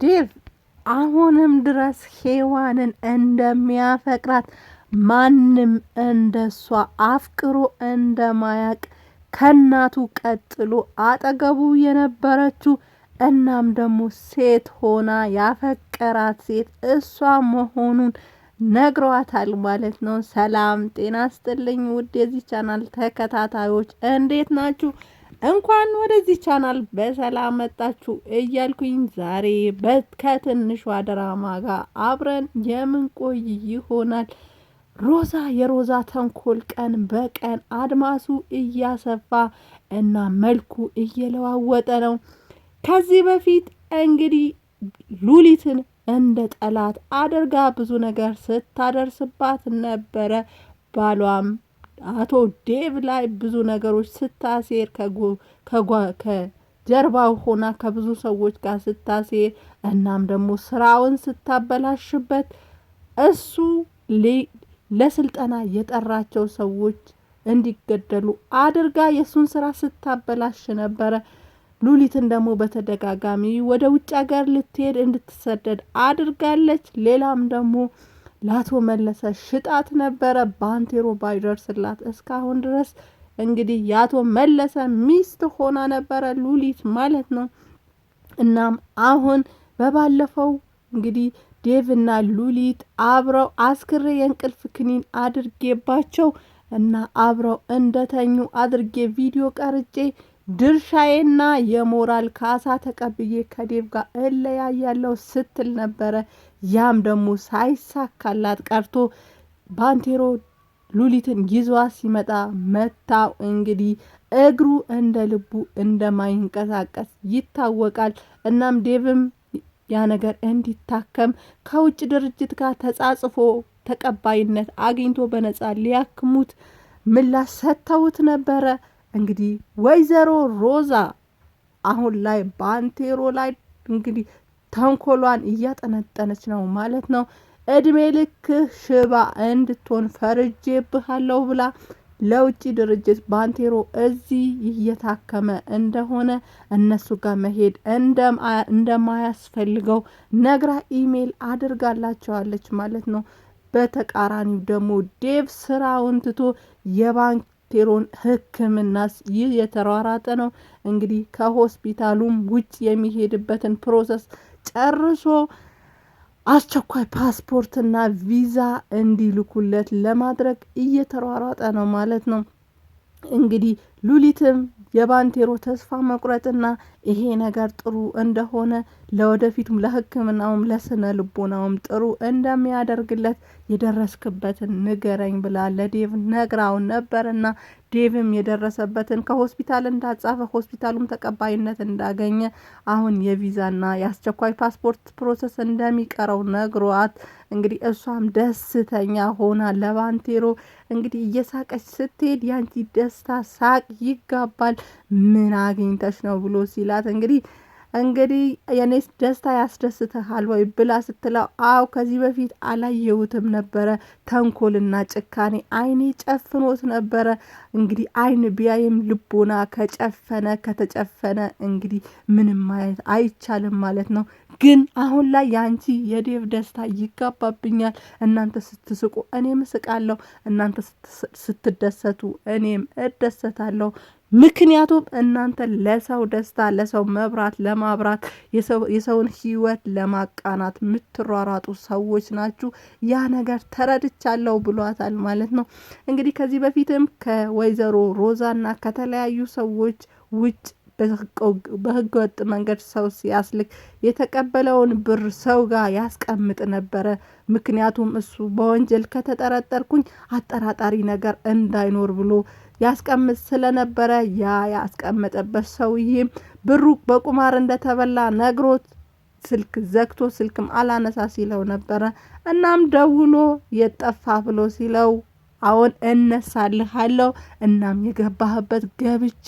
ዴቭ አሁንም ድረስ ሄዋንን እንደሚያፈቅራት ማንም እንደሷ አፍቅሮ እንደማያቅ ከእናቱ ቀጥሎ አጠገቡ የነበረችው እናም ደግሞ ሴት ሆና ያፈቀራት ሴት እሷ መሆኑን ነግሯታል ማለት ነው። ሰላም ጤና ስጥልኝ ውድ የዚህ ቻናል ተከታታዮች እንዴት ናችሁ? እንኳን ወደዚህ ቻናል በሰላም መጣችሁ እያልኩኝ ዛሬ ከትንሿ ድራማ ጋር አብረን የምንቆይ ይሆናል። ሮዛ የሮዛ ተንኮል ቀን በቀን አድማሱ እያሰፋ እና መልኩ እየለዋወጠ ነው። ከዚህ በፊት እንግዲህ ሉሊትን እንደ ጠላት አድርጋ ብዙ ነገር ስታደርስባት ነበረ። ባሏም አቶ ዴቭ ላይ ብዙ ነገሮች ስታሴር ከጀርባው ሆና ከብዙ ሰዎች ጋር ስታሴር፣ እናም ደግሞ ስራውን ስታበላሽበት እሱ ለስልጠና የጠራቸው ሰዎች እንዲገደሉ አድርጋ የእሱን ስራ ስታበላሽ ነበረ። ሉሊትን ደግሞ በተደጋጋሚ ወደ ውጭ ሀገር ልትሄድ እንድትሰደድ አድርጋለች። ሌላም ደግሞ ለአቶ መለሰ ሽጣት ነበረ። ባንቴሮ ባይደርስላት እስካሁን ድረስ እንግዲህ የአቶ መለሰ ሚስት ሆና ነበረ ሉሊት ማለት ነው። እናም አሁን በባለፈው እንግዲህ ዴቭና ሉሊት አብረው አስክሬ የእንቅልፍ ክኒን አድርጌባቸው እና አብረው እንደተኙ አድርጌ ቪዲዮ ቀርጬ ድርሻዬና የሞራል ካሳ ተቀብዬ ከዴቭ ጋር ያለው ስትል ነበረ። ያም ደግሞ ሳይሳካላት ቀርቶ ባንቴሮ ሉሊትን ይዟ ሲመጣ መታው። እንግዲህ እግሩ እንደ ልቡ እንደማይንቀሳቀስ ይታወቃል። እናም ዴቭም ያ ነገር እንዲታከም ከውጭ ድርጅት ጋር ተጻጽፎ ተቀባይነት አግኝቶ በነፃ ሊያክሙት ምላሽ ሰጥተውት ነበረ። እንግዲህ ወይዘሮ ሮዛ አሁን ላይ ባንቴሮ ላይ እንግዲህ ተንኮሏን እያጠነጠነች ነው ማለት ነው። እድሜ ልክ ሽባ እንድትሆን ፈርጄብሃለሁ ብላ ለውጭ ድርጅት ባንቴሮ እዚህ እየታከመ እንደሆነ እነሱ ጋር መሄድ እንደማያስፈልገው ነግራ ኢሜል አድርጋላቸዋለች ማለት ነው። በተቃራኒው ደግሞ ዴቭ ስራውን ትቶ የባንክ ቴሮን ህክምና ይህ የተሯራጠ ነው። እንግዲህ ከሆስፒታሉም ውጭ የሚሄድበትን ፕሮሰስ ጨርሶ አስቸኳይ ፓስፖርትና ቪዛ እንዲልኩለት ለማድረግ እየተሯሯጠ ነው ማለት ነው። እንግዲህ ሉሊትም የባንቴሮ ተስፋ መቁረጥና ይሄ ነገር ጥሩ እንደሆነ ለወደፊቱም ለሕክምናውም ለስነ ልቦናውም ጥሩ እንደሚያደርግለት የደረስክበትን ንገረኝ ብላ ለዴቭ ነግራውን ነበርና ዴቭም የደረሰበትን ከሆስፒታል እንዳጻፈ ሆስፒታሉም ተቀባይነት እንዳገኘ አሁን የቪዛና የአስቸኳይ ፓስፖርት ፕሮሰስ እንደሚቀረው ነግሯት እንግዲህ እሷም ደስተኛ ሆና ለባንቴሮ እንግዲህ እየሳቀች ስትሄድ ያንቺ ደስታ ሳቅ ይጋባል፣ ምን አግኝተሽ ነው ብሎ ሲላት እንግዲህ እንግዲህ የኔ ደስታ ያስደስትሃል ወይ ብላ ስትለው፣ አው ከዚህ በፊት አላየሁትም ነበረ ተንኮልና ጭካኔ ዓይኔ ጨፍኖት ነበረ። እንግዲህ አይን ቢያይም ልቦና ከጨፈነ ከተጨፈነ እንግዲህ ምንም ማየት አይቻልም ማለት ነው። ግን አሁን ላይ የአንቺ የዴቭ ደስታ ይጋባብኛል። እናንተ ስትስቁ እኔም ስቃለሁ፣ እናንተ ስትደሰቱ እኔም እደሰታለሁ። ምክንያቱም እናንተ ለሰው ደስታ፣ ለሰው መብራት ለማብራት፣ የሰውን ህይወት ለማቃናት የምትሯሯጡ ሰዎች ናችሁ። ያ ነገር ተረድቻለሁ ብሏታል ማለት ነው። እንግዲህ ከዚህ በፊትም ከወይዘሮ ሮዛና ከተለያዩ ሰዎች ውጭ በህገ ወጥ መንገድ ሰው ሲያስልክ የተቀበለውን ብር ሰው ጋር ያስቀምጥ ነበረ። ምክንያቱም እሱ በወንጀል ከተጠረጠርኩኝ አጠራጣሪ ነገር እንዳይኖር ብሎ ያስቀምጥ ስለነበረ ያ ያስቀመጠበት ሰውዬም ብሩ በቁማር እንደተበላ ነግሮት ስልክ ዘግቶ ስልክም አላነሳ ሲለው ነበረ። እናም ደውሎ የጠፋ ብሎ ሲለው አሁን እነሳልሃለሁ እናም የገባህበት ገብቼ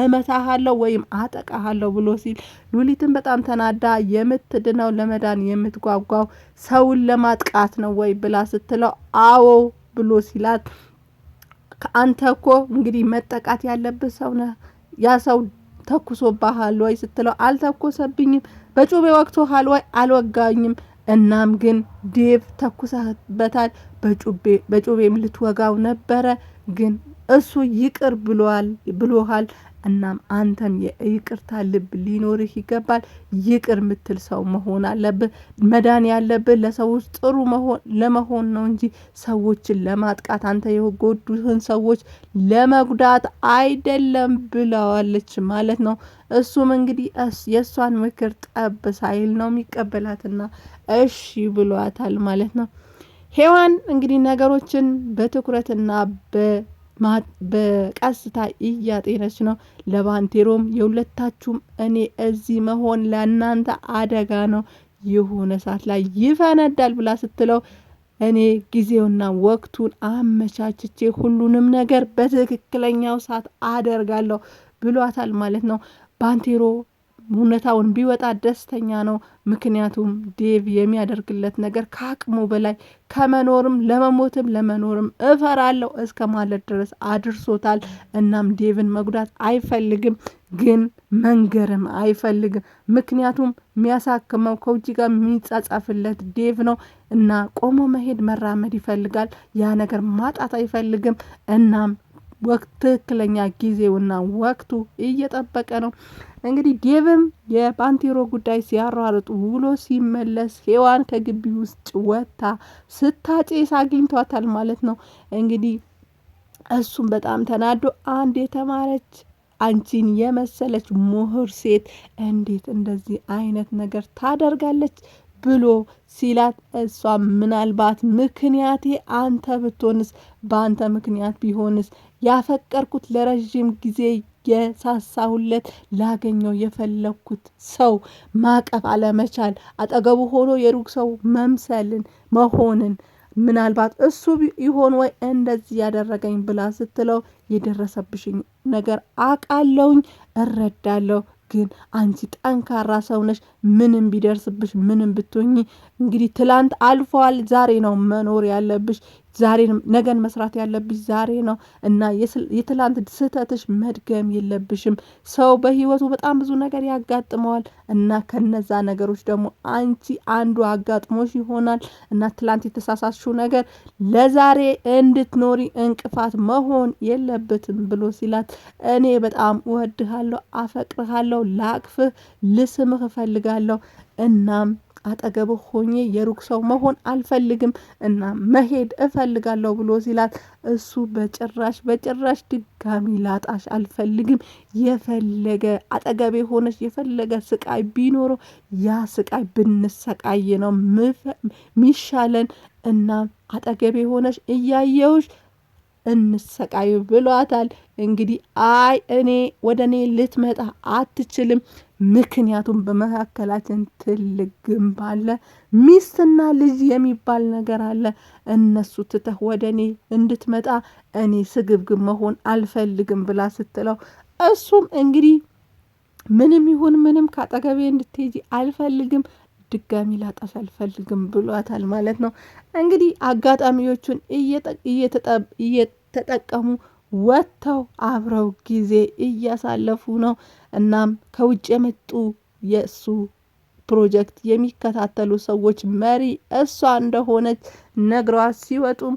እመታሃለሁ ወይም አጠቃሃለሁ ብሎ ሲል ሉሊትን በጣም ተናዳ የምትድነው ለመዳን የምትጓጓው ሰውን ለማጥቃት ነው ወይ ብላ ስትለው አዎ ብሎ ሲላት ከአንተ እኮ እንግዲህ መጠቃት ያለብህ ሰው ነህ። ያ ሰው ተኩሶባሃል ወይ ስትለው አልተኮሰብኝም፣ በጩቤ ወቅቶሃል ወይ አልወጋኝም። እናም ግን ዴቭ ተኩሰህበታል፣ በጩቤም ልትወጋው ነበረ ግን እሱ ይቅር ብሎሃል እናም አንተም የይቅርታ ልብ ሊኖርህ ይገባል። ይቅር ምትል ሰው መሆን አለብህ። መዳን ያለብህ ለሰዎች ጥሩ ለመሆን ነው እንጂ ሰዎችን ለማጥቃት አንተ የጎዱህን ሰዎች ለመጉዳት አይደለም ብለዋለች ማለት ነው። እሱም እንግዲህ የእሷን ምክር ጠብ ሳይል ነው የሚቀበላትና እሺ ብሏታል ማለት ነው። ሄዋን እንግዲህ ነገሮችን በትኩረትና በ በቀስታ እያጤነች ነው። ለባንቴሮም የሁለታችሁም እኔ እዚህ መሆን ለእናንተ አደጋ ነው፣ የሆነ ሰዓት ላይ ይፈነዳል ብላ ስትለው እኔ ጊዜውና ወቅቱን አመቻችቼ ሁሉንም ነገር በትክክለኛው ሰዓት አደርጋለሁ ብሏታል ማለት ነው ባንቴሮ እውነታውን ቢወጣ ደስተኛ ነው። ምክንያቱም ዴቭ የሚያደርግለት ነገር ከአቅሙ በላይ ከመኖርም ለመሞትም ለመኖርም እፈራለሁ እስከ ማለት ድረስ አድርሶታል። እናም ዴቭን መጉዳት አይፈልግም፣ ግን መንገርም አይፈልግም። ምክንያቱም የሚያሳክመው ከውጭ ጋር የሚጻጻፍለት ዴቭ ነው እና ቆሞ መሄድ መራመድ ይፈልጋል። ያ ነገር ማጣት አይፈልግም። እናም ወቅት ትክክለኛ ጊዜውና ወቅቱ እየጠበቀ ነው። እንግዲህ ዴቭም የፓንቴሮ ጉዳይ ሲያሯርጡ ውሎ ሲመለስ ሔዋን ከግቢ ውስጥ ወጥታ ስታጨስ አግኝቷታል ማለት ነው። እንግዲህ እሱም በጣም ተናዶ አንድ የተማረች አንቺን የመሰለች ምሁር ሴት እንዴት እንደዚህ አይነት ነገር ታደርጋለች ብሎ ሲላት እሷ ምናልባት ምክንያቴ አንተ ብትሆንስ፣ በአንተ ምክንያት ቢሆንስ ያፈቀርኩት ለረዥም ጊዜ የሳሳሁለት ላገኘው የፈለግኩት ሰው ማቀፍ አለመቻል፣ አጠገቡ ሆኖ የሩቅ ሰው መምሰልን መሆንን ምናልባት እሱ ይሆን ወይ እንደዚህ ያደረገኝ ብላ ስትለው የደረሰብሽኝ ነገር አቃለውኝ፣ እረዳለሁ ግን አንቺ ጠንካራ ሰው ነሽ። ምንም ቢደርስብሽ፣ ምንም ብትሆኚ እንግዲህ ትላንት አልፏል። ዛሬ ነው መኖር ያለብሽ። ዛሬ ነገን መስራት ያለብሽ ዛሬ ነው እና የትላንት ስህተትሽ መድገም የለብሽም። ሰው በህይወቱ በጣም ብዙ ነገር ያጋጥመዋል እና ከነዛ ነገሮች ደግሞ አንቺ አንዱ አጋጥሞሽ ይሆናል እና ትላንት የተሳሳትሽው ነገር ለዛሬ እንድትኖሪ እንቅፋት መሆን የለበትም ብሎ ሲላት እኔ በጣም እወድሃለሁ፣ አፈቅርሃለሁ፣ ላቅፍህ፣ ልስምህ እፈልጋለሁ እናም አጠገብ ሆኜ የሩቅ ሰው መሆን አልፈልግም እና መሄድ እፈልጋለሁ ብሎ ሲላት እሱ በጭራሽ በጭራሽ ድጋሚ ላጣሽ አልፈልግም፣ የፈለገ አጠገብ የሆነች የፈለገ ስቃይ ቢኖረው ያ ስቃይ ብንሰቃይ ነው ሚሻለን እና አጠገብ የሆነች እያየውሽ እንሰቃዩ ብሏታል። እንግዲህ አይ እኔ ወደ እኔ ልትመጣ አትችልም ምክንያቱም በመካከላችን ትልቅ ግንብ አለ። ሚስትና ልጅ የሚባል ነገር አለ። እነሱ ትተህ ወደ እኔ እንድትመጣ እኔ ስግብግብ መሆን አልፈልግም ብላ ስትለው እሱም እንግዲህ ምንም ይሁን ምንም ከአጠገቤ እንድትሄጂ አልፈልግም ድጋሚ ላጣሽ አልፈልግም ብሏታል ማለት ነው። እንግዲህ አጋጣሚዎቹን እየተጠቀሙ ወጥተው አብረው ጊዜ እያሳለፉ ነው። እናም ከውጭ የመጡ የእሱ ፕሮጀክት የሚከታተሉ ሰዎች መሪ እሷ እንደሆነች ነግረዋት ሲወጡም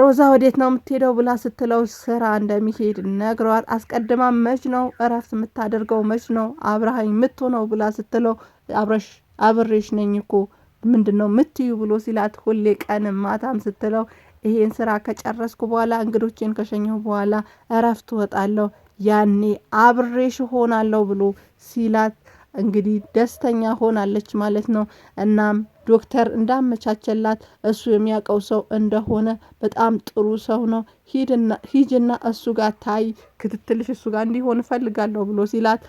ሮዛ ወዴት ነው የምትሄደው ብላ ስትለው ስራ እንደሚሄድ ነግረዋት፣ አስቀድማ መች ነው እረፍት የምታደርገው መች ነው አብረሃኝ የምትሆነው ብላ ስትለው አብረሽ አብሬሽ ነኝ እኮ ምንድን ነው ምትዩ ብሎ ሲላት ሁሌ ቀንም ማታም ስትለው ይሄን ስራ ከጨረስኩ በኋላ እንግዶቼን ከሸኘሁ በኋላ እረፍት ወጣለሁ፣ ያኔ አብሬሽ ሆናለሁ ብሎ ሲላት እንግዲህ ደስተኛ ሆናለች ማለት ነው። እናም ዶክተር እንዳመቻቸላት እሱ የሚያውቀው ሰው እንደሆነ በጣም ጥሩ ሰው ነው። ሂጅና እሱ ጋር ታይ፣ ክትትልሽ እሱ ጋር እንዲሆን እፈልጋለሁ ብሎ ሲላት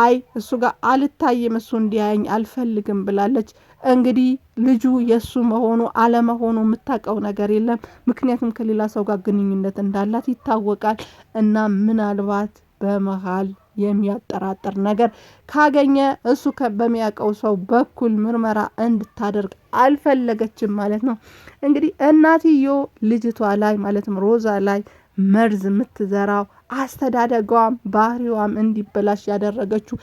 አይ እሱ ጋር አልታይም፣ እሱ እንዲያየኝ አልፈልግም ብላለች። እንግዲህ ልጁ የእሱ መሆኑ አለመሆኑ የምታውቀው ነገር የለም። ምክንያቱም ከሌላ ሰው ጋር ግንኙነት እንዳላት ይታወቃል እና ምናልባት በመሃል የሚያጠራጥር ነገር ካገኘ እሱ በሚያውቀው ሰው በኩል ምርመራ እንድታደርግ አልፈለገችም ማለት ነው። እንግዲህ እናትዮ ልጅቷ ላይ ማለትም ሮዛ ላይ መርዝ የምትዘራው አስተዳደጓም ባህሪዋም እንዲበላሽ ያደረገችው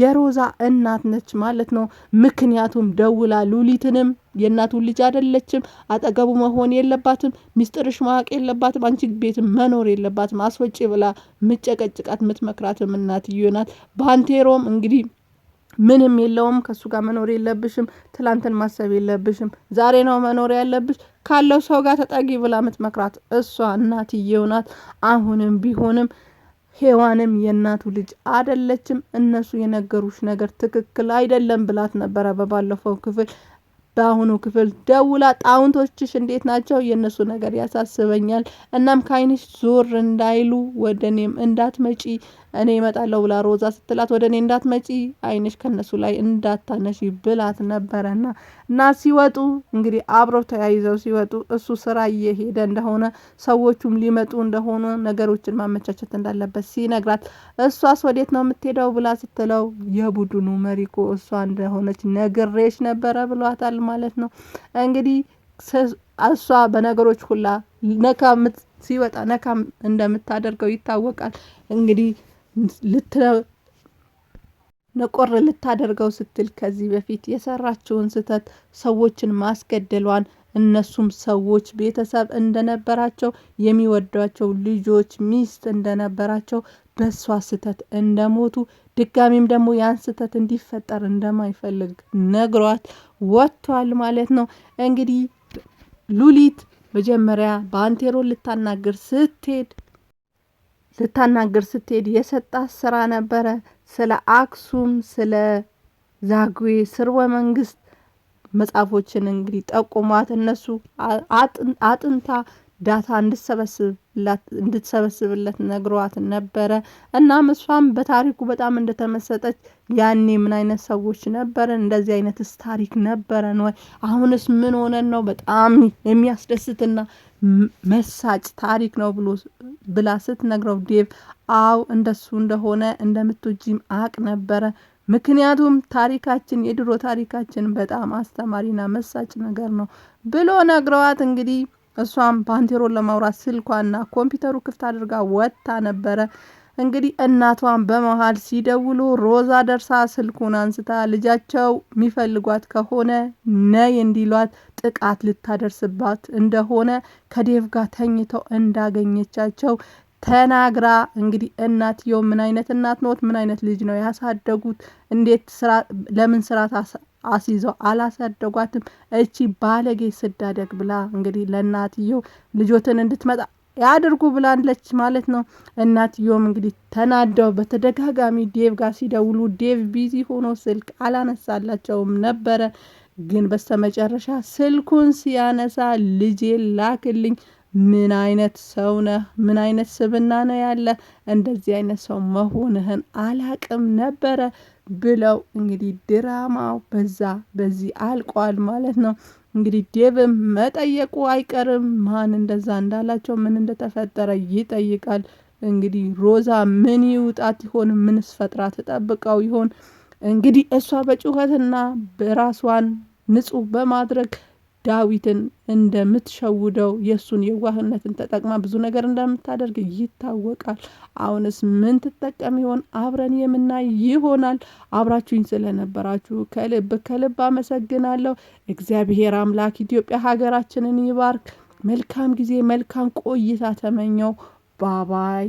የሮዛ እናት ነች ማለት ነው። ምክንያቱም ደውላ ሉሊትንም የእናቱን ልጅ አይደለችም፣ አጠገቡ መሆን የለባትም፣ ሚስጥርሽ ማወቅ የለባትም፣ አንቺ ቤት መኖር የለባትም፣ አስወጪ ብላ ምጨቀጭቃት ምትመክራትም እናትዮ ናት። ባንቴሮም እንግዲህ ምንም የለውም። ከእሱ ጋር መኖር የለብሽም። ትላንትን ማሰብ የለብሽም። ዛሬ ነው መኖር ያለብሽ። ካለው ሰው ጋር ተጠጊ ብላ ምትመክራት እሷ እናትየው ናት። አሁንም ቢሆንም ሔዋንም የእናቱ ልጅ አደለችም። እነሱ የነገሩሽ ነገር ትክክል አይደለም ብላት ነበረ በባለፈው ክፍል። በአሁኑ ክፍል ደውላ ጣውንቶችሽ እንዴት ናቸው? የእነሱ ነገር ያሳስበኛል። እናም ከአይንሽ ዞር እንዳይሉ ወደ እኔም እንዳትመጪ እኔ እመጣለሁ ብላ ሮዛ ስትላት ወደ እኔ እንዳትመጪ አይንሽ ከነሱ ላይ እንዳታነሺ ብላት ነበረና እና ሲወጡ እንግዲህ አብረው ተያይዘው ሲወጡ እሱ ስራ እየሄደ እንደሆነ ሰዎቹም ሊመጡ እንደሆነ ነገሮችን ማመቻቸት እንዳለበት ሲነግራት እሷስ ወዴት ነው የምትሄደው ብላ ስትለው የቡድኑ መሪ እኮ እሷ እንደሆነች ነግሬሽ ነበረ ብሏታል ማለት ነው እንግዲህ እሷ በነገሮች ሁላ ነካ ሲወጣ ነካም እንደምታደርገው ይታወቃል እንግዲህ ነቆር ልታደርገው ስትል ከዚህ በፊት የሰራችውን ስህተት ሰዎችን ማስገደሏን እነሱም ሰዎች ቤተሰብ እንደነበራቸው የሚወዷቸው ልጆች ሚስት እንደነበራቸው በእሷ ስህተት እንደሞቱ ድጋሚም ደግሞ ያን ስህተት እንዲፈጠር እንደማይፈልግ ነግሯት ወጥቷል ማለት ነው። እንግዲህ ሉሊት መጀመሪያ በአንቴሮ ልታናግር ስትሄድ ልታናገር ስትሄድ የሰጣት ስራ ነበረ። ስለ አክሱም፣ ስለ ዛጉዌ ስርወ መንግስት መጽሐፎችን እንግዲህ ጠቁሟት እነሱ አጥንታ ዳታ እንድትሰበስብለት ነግሯት ነበረ። እናም እሷም በታሪኩ በጣም እንደተመሰጠች ያኔ ምን አይነት ሰዎች ነበረን? እንደዚህ አይነትስ ታሪክ ነበረን ወይ? አሁንስ ምን ሆነን ነው? በጣም የሚያስደስትና መሳጭ ታሪክ ነው ብሎ ብላ ስትነግረው ዴቭ አው እንደሱ እንደሆነ እንደምትወጂም አቅ ነበረ። ምክንያቱም ታሪካችን የድሮ ታሪካችን በጣም አስተማሪና መሳጭ ነገር ነው ብሎ ነግረዋት እንግዲህ እሷም ባንቴሮን ለማውራት ስልኳና ኮምፒውተሩ ክፍት አድርጋ ወጥታ ነበረ። እንግዲህ እናቷን በመሃል ሲደውሉ ሮዛ ደርሳ ስልኩን አንስታ ልጃቸው የሚፈልጓት ከሆነ ነይ እንዲሏት ጥቃት ልታደርስባት እንደሆነ ከዴቭ ጋር ተኝተው እንዳገኘቻቸው ተናግራ እንግዲህ እናትየው ምን አይነት እናት ኖት? ምን አይነት ልጅ ነው ያሳደጉት? እንዴት ስራ ለምን ስራ አስይዘው አላሳደጓትም? እቺ ባለጌ ስዳደግ ብላ እንግዲህ ለእናትየው ልጆትን እንድትመጣ ያድርጉ ብላለች ማለት ነው። እናትዮም እንግዲህ ተናደው በተደጋጋሚ ዴቭ ጋር ሲደውሉ ዴቭ ቢዚ ሆኖ ስልክ አላነሳላቸውም ነበረ። ግን በስተመጨረሻ ስልኩን ሲያነሳ ልጄ ላክልኝ ምን አይነት ሰው ነህ? ምን አይነት ስብና ነው ያለ? እንደዚህ አይነት ሰው መሆንህን አላቅም ነበረ ብለው እንግዲህ ድራማው በዛ በዚህ አልቋል ማለት ነው። እንግዲህ ዴቭም መጠየቁ አይቀርም። ማን እንደዛ እንዳላቸው ምን እንደተፈጠረ ይጠይቃል። እንግዲህ ሮዛ ምን ይውጣት ይሆን? ምንስ ፈጥራ ትጠብቀው ይሆን? እንግዲህ እሷ በጩኸትና በራሷን ንጹህ በማድረግ ዳዊትን እንደምትሸውደው የእሱን የዋህነትን ተጠቅማ ብዙ ነገር እንደምታደርግ ይታወቃል። አሁንስ ምን ትጠቀም ይሆን? አብረን የምናይ ይሆናል። አብራችሁኝ ስለነበራችሁ ከልብ ከልብ አመሰግናለሁ። እግዚአብሔር አምላክ ኢትዮጵያ ሀገራችንን ይባርክ። መልካም ጊዜ፣ መልካም ቆይታ ተመኘው። ባባይ